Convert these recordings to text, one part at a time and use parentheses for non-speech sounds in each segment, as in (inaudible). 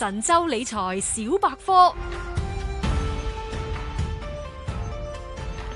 神州理財小百科，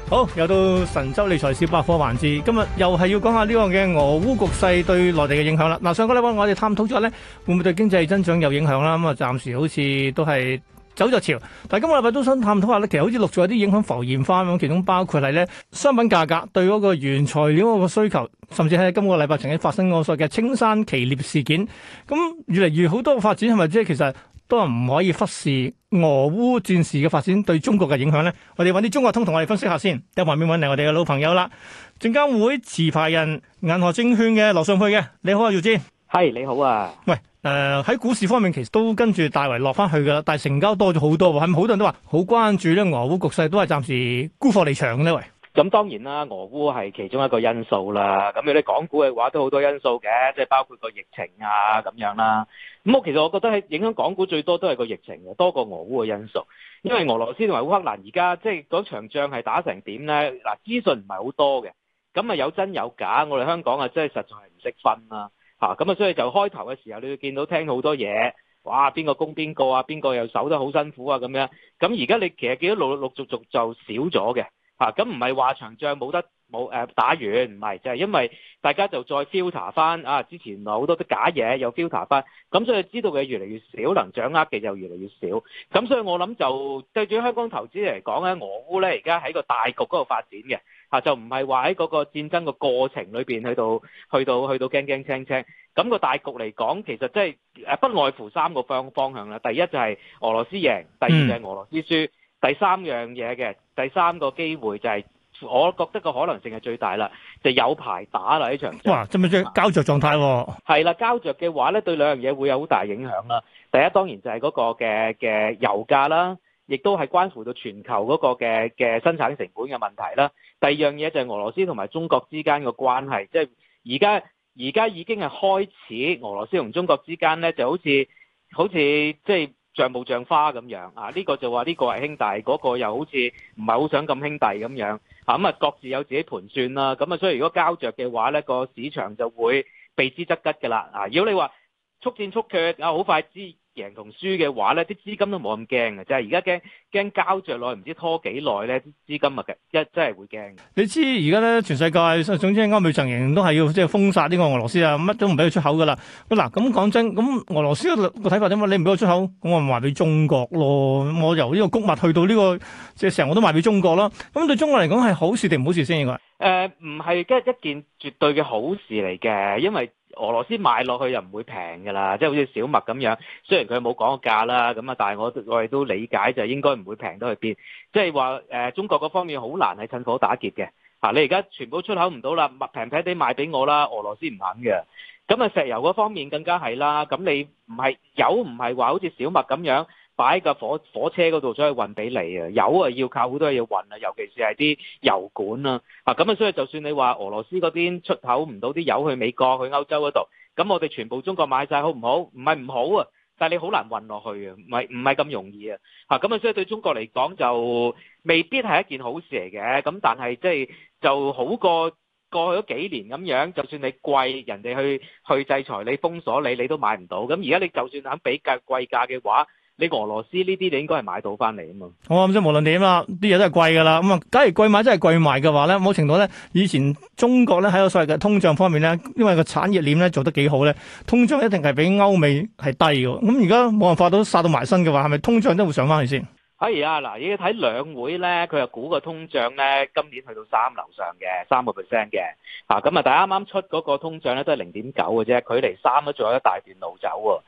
好，又到神州理財小百科環節，今日又係要講下呢個嘅俄烏局勢對內地嘅影響啦。嗱，上個禮拜我哋探討咗咧，會唔會對經濟增長有影響啦？咁啊，暫時好似都係。走弱潮，但係今個禮拜都想探討下咧，其實好似陸續有啲影響浮現翻咁，其中包括係咧，商品價格對嗰個原材料嗰個需求，甚至係今個禮拜曾經發生過所謂嘅青山鎳期事件，咁越嚟越好多嘅發展係咪即係其實都係唔可以忽視俄烏戰事嘅發展對中國嘅影響咧？我哋揾啲中國通同我哋分析一下先，有埋面揾嚟我哋嘅老朋友啦，證監會持牌人銀河證券嘅羅尚沛嘅，你好啊，姚堅，係你好啊，喂。誒喺、呃、股市方面其實都跟住大圍落翻去噶啦，但係成交多咗好多喎，係咪好多人都話好關注咧？俄烏局勢都係暫時沽貨離場呢喂！咁當然啦，俄烏係其中一個因素啦。咁有啲港股嘅話都好多因素嘅，即係包括個疫情啊咁樣啦。咁、嗯、我其實我覺得係影響港股最多都係個疫情嘅，多過俄烏嘅因素。因為俄羅斯同埋烏克蘭而家即係嗰場仗係打成點咧？嗱，資訊唔係好多嘅，咁啊有真有假，我哋香港啊真係實在係唔識分啦、啊。嚇咁啊！所以就開頭嘅時候，你會見到聽好多嘢，哇！邊個攻邊個啊？邊個又守得好辛苦啊？咁樣咁而家你其實見到陸,陸陸續續就少咗嘅嚇，咁唔係話場仗冇得冇誒、呃、打完，唔係就係、是、因為大家就再 filter 翻啊！之前好多啲假嘢又 filter 翻，咁、啊、所以知道嘅越嚟越少，能掌握嘅又越嚟越少。咁、啊、所以我諗就對住香港投資嚟講咧，俄烏咧而家喺個大局嗰度發展嘅。啊，就唔係話喺嗰個戰爭個過程裏邊，喺度去到去到驚驚青青。咁個大局嚟講，其實即係誒不外乎三個方方向啦。第一就係俄羅斯贏，第二就係俄羅斯輸，第三樣嘢嘅第三個機會就係我覺得個可能性係最大啦，就有排打啦呢場。哇！即係咪即係膠着狀態？係啦，膠着嘅話咧，對兩樣嘢會有好大影響啦。第一當然就係嗰個嘅嘅油價啦。亦都係關乎到全球嗰個嘅嘅生產成本嘅問題啦。第二樣嘢就係俄羅斯同埋中國之間嘅關係，即係而家而家已經係開始俄羅斯同中國之間咧，就好似好似即係像霧像花咁樣啊！呢、呢個就話呢個係兄弟，嗰、嗰個又好似唔係好想咁兄弟咁樣嚇，咁啊、嗯、各自有自己盤算啦。咁啊、嗯，所以如果膠着嘅話咧，個市場就會避之則吉㗎喇。啊，如果你話速戰速決啊，好快之。贏同輸嘅話咧，啲資金都冇咁驚嘅，就係而家驚驚膠着落去，唔知拖幾耐咧，啲資金啊嘅一真係會驚。你知而家咧，全世界總之歐美陣營都係要即係封殺呢個俄羅斯啊，乜都唔俾佢出口噶啦。嗱咁講真，咁俄羅斯個睇法點啊？你唔俾佢出口，我咪賣俾中國咯。咁我由呢個谷物去到呢個，即係成日我都賣俾中國咯。咁對中國嚟講係好事定唔好事先？應該，誒，唔係即係一件絕對嘅好事嚟嘅，因為。俄羅斯賣落去又唔會平㗎啦，即係好似小麥咁樣，雖然佢冇講價啦，咁啊，但係我我哋都理解就應該唔會平到去邊，即係話誒中國嗰方面好難係趁火打劫嘅嚇，啊，你而家全部出口唔到啦，麥平平地賣俾我啦，俄羅斯唔肯嘅，咁啊石油嗰方面更加係啦，咁你唔係油，唔係話好似小麥咁樣。擺架火火車嗰度，所以運俾你啊！油啊，要靠好多嘢運啊，尤其是係啲油管啊。啊，咁啊，所以就算你話俄羅斯嗰邊出口唔到啲油去美國、去歐洲嗰度，咁我哋全部中國買晒好唔好？唔係唔好啊，但係你好難運落去啊，唔係唔係咁容易啊。啊，咁啊，所以對中國嚟講就未必係一件好事嚟嘅。咁但係即係就好過過去咗幾年咁樣，就算你貴，人哋去去制裁你、封鎖你，你都買唔到。咁而家你就算肯比較貴價嘅話，你俄羅斯呢啲你應該係買到翻嚟啊嘛，我諗即係無論點啊，啲嘢都係貴噶啦。咁啊，假如貴買真係貴賣嘅話咧，某程度咧，以前中國咧喺個所謂嘅通脹方面咧，因為個產業鏈咧做得幾好咧，通脹一定係比歐美係低嘅。咁而家冇辦法都殺到埋身嘅話，係咪通脹都會上翻去先？可以啊，嗱、哎，而家睇兩會咧，佢又估個通脹咧，今年去到三樓上嘅三個 percent 嘅，啊，咁啊，大家啱啱出嗰個通脹咧都係零點九嘅啫，距離三都仲有一大段路走喎。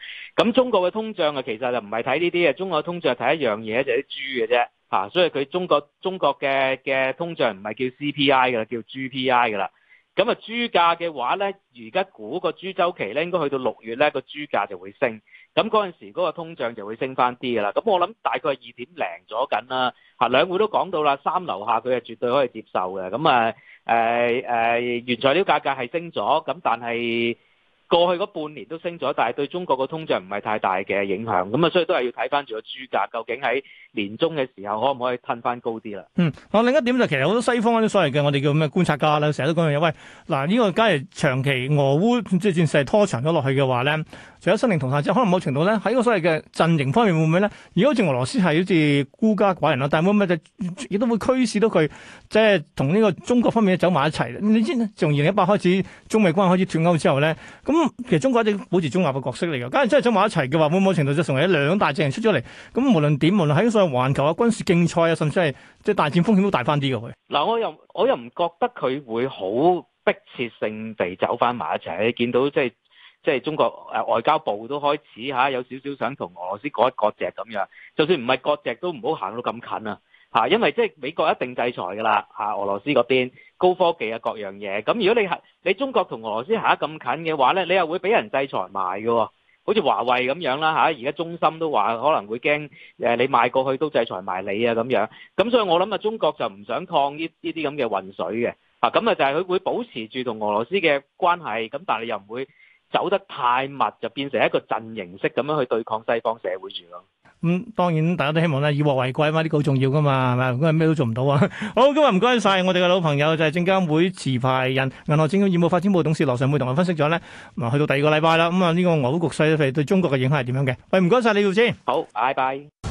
咁、啊、中國嘅通脹啊，其實就唔係睇呢啲嘅。中國通脹睇一樣嘢，就係、是、啲豬嘅啫，嚇、啊，所以佢中國中國嘅嘅通脹唔係叫 CPI 嘅啦，叫 GPI 嘅啦。咁啊，豬價嘅話咧，而家估個豬週期咧，應該去到六月咧，個豬價就會升，咁嗰陣時嗰個通脹就會升翻啲噶啦。咁我諗大概係二點零咗緊啦。嚇，兩會都講到啦，三樓下佢係絕對可以接受嘅。咁啊，誒、呃、誒、呃，原材料價格係升咗，咁但係。過去嗰半年都升咗，但係對中國個通脹唔係太大嘅影響，咁啊，所以都係要睇翻住個豬價，究竟喺年中嘅時候可唔可以㩒翻高啲啦？嗯，我另一點就其實好多西方嗰啲所謂嘅我哋叫咩觀察家啦，成日都講樣嘢，喂，嗱、這、呢個梗係長期俄烏即係戰事拖長咗落去嘅話咧，除咗新興同態之後，可能某程度咧喺個所謂嘅陣營方面會唔會咧？如果好似俄羅斯係好似孤家寡人啦，但係會唔會就亦都會驅使到佢即係同呢個中國方面走埋一齊？你知從二零一八開始，中美關係開始斷鈎之後咧，咁。咁其實中國一直保持中立嘅角色嚟㗎，假如真係走埋一齊嘅話，冇某程度就成為兩大隻人出咗嚟，咁無論點，無論喺上環球啊、軍事競賽啊，甚至係即係大戰風險都大翻啲嘅佢。嗱，我又我又唔覺得佢會好迫切性地走翻埋一齊。你見到即係即係中國、呃、外交部都開始嚇、啊、有少少想同俄羅斯割一割席咁樣，就算唔係割席都唔好行到咁近啊。啊，因為即係美國一定制裁㗎啦，嚇俄羅斯嗰邊高科技啊各樣嘢，咁如果你係你中國同俄羅斯行得咁近嘅話咧，你又會俾人制裁埋嘅，好似華為咁樣啦嚇，而家中芯都話可能會驚誒你賣過去都制裁埋你啊咁樣，咁所以我諗啊中國就唔想抗呢呢啲咁嘅混水嘅，啊咁啊就係佢會保持住同俄羅斯嘅關係，咁但係你又唔會走得太密，就變成一個陣營式咁樣去對抗西方社會主義。咁、嗯、當然，大家都希望咧以和為貴，這個，嘛，啲好重要噶嘛，係咪？如果係咩都做唔到啊， (laughs) 好，今日唔該晒我哋嘅老朋友，就係證監會持牌人、銀行、證券業務發展部董事羅尚沛同我分析咗咧。嗱，去到第二個禮拜啦，咁啊呢個俄烏局勢對中國嘅影響係點樣嘅？喂，唔該晒李老師。好，拜拜。